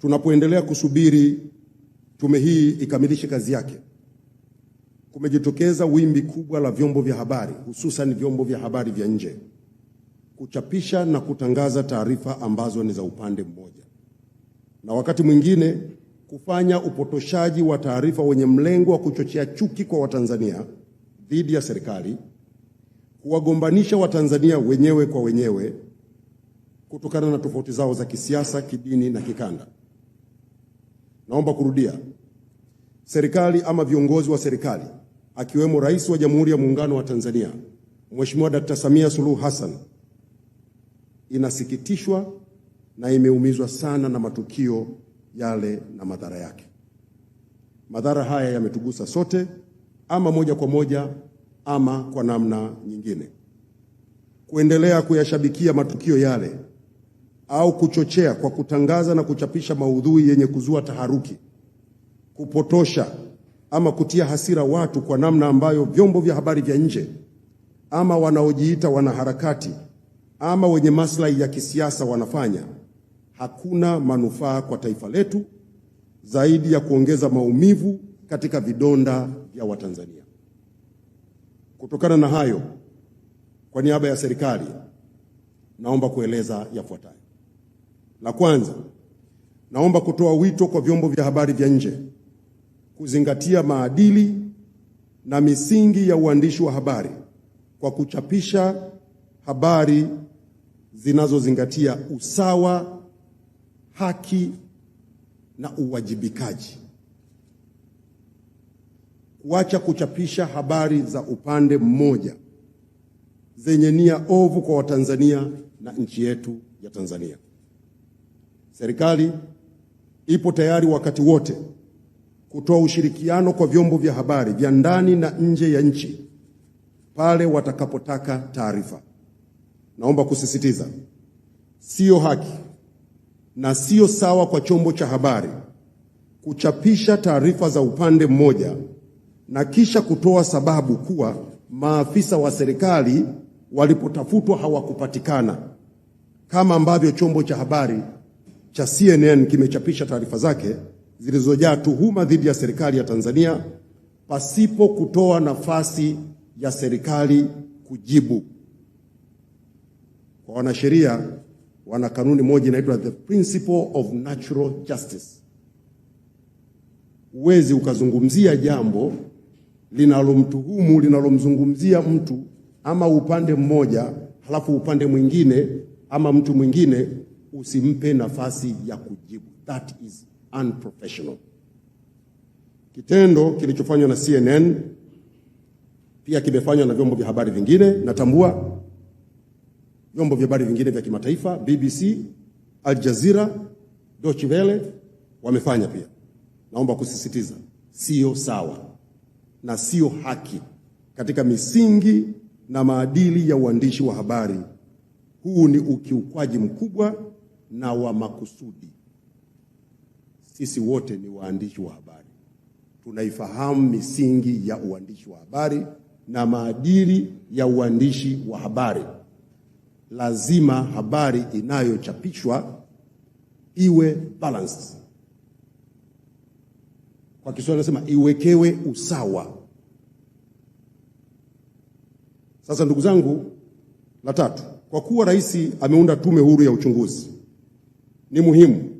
Tunapoendelea kusubiri tume hii ikamilishe kazi yake, kumejitokeza wimbi kubwa la vyombo vya habari, hususan vyombo vya habari vya nje kuchapisha na kutangaza taarifa ambazo ni za upande mmoja, na wakati mwingine kufanya upotoshaji wa taarifa wenye mlengo wa kuchochea chuki kwa Watanzania dhidi ya serikali, kuwagombanisha Watanzania wenyewe kwa wenyewe kutokana na tofauti zao za kisiasa, kidini na kikanda. Naomba kurudia, serikali ama viongozi wa serikali akiwemo Rais wa Jamhuri ya Muungano wa Tanzania Mheshimiwa Dkt. Samia Suluhu Hassan inasikitishwa na imeumizwa sana na matukio yale na madhara yake. Madhara haya yametugusa sote, ama moja kwa moja ama kwa namna nyingine. Kuendelea kuyashabikia matukio yale au kuchochea kwa kutangaza na kuchapisha maudhui yenye kuzua taharuki, kupotosha ama kutia hasira watu kwa namna ambayo vyombo vya habari vya nje ama wanaojiita wanaharakati ama wenye maslahi ya kisiasa wanafanya, hakuna manufaa kwa taifa letu zaidi ya kuongeza maumivu katika vidonda vya Watanzania. Kutokana na hayo, kwa niaba ya serikali naomba kueleza yafuatayo. La kwanza, naomba kutoa wito kwa vyombo vya habari vya nje kuzingatia maadili na misingi ya uandishi wa habari kwa kuchapisha habari zinazozingatia usawa, haki na uwajibikaji, kuacha kuchapisha habari za upande mmoja zenye nia ovu kwa Watanzania na nchi yetu ya Tanzania. Serikali ipo tayari wakati wote kutoa ushirikiano kwa vyombo vya habari vya ndani na nje ya nchi pale watakapotaka taarifa. Naomba kusisitiza, siyo haki na sio sawa kwa chombo cha habari kuchapisha taarifa za upande mmoja na kisha kutoa sababu kuwa maafisa wa serikali walipotafutwa hawakupatikana, kama ambavyo chombo cha habari cha CNN kimechapisha taarifa zake zilizojaa tuhuma dhidi ya serikali ya Tanzania pasipo kutoa nafasi ya serikali kujibu. Kwa wanasheria wana kanuni moja inaitwa the principle of natural justice. Huwezi ukazungumzia jambo linalomtuhumu linalomzungumzia mtu ama upande mmoja halafu upande mwingine ama mtu mwingine usimpe nafasi ya kujibu. That is unprofessional. Kitendo kilichofanywa na CNN pia kimefanywa na vyombo vya habari vingine. Natambua vyombo vya habari vingine vya kimataifa, BBC, Al Jazeera, Deutsche Welle wamefanya pia. Naomba kusisitiza, sio sawa na sio haki katika misingi na maadili ya uandishi wa habari. Huu ni ukiukwaji mkubwa na wa makusudi. Sisi wote ni waandishi wa habari, tunaifahamu misingi ya uandishi wa habari na maadili ya uandishi wa habari. Lazima habari inayochapishwa iwe balance. kwa Kiswahili nasema iwekewe usawa. Sasa ndugu zangu, la tatu, kwa kuwa rais ameunda tume huru ya uchunguzi ni muhimu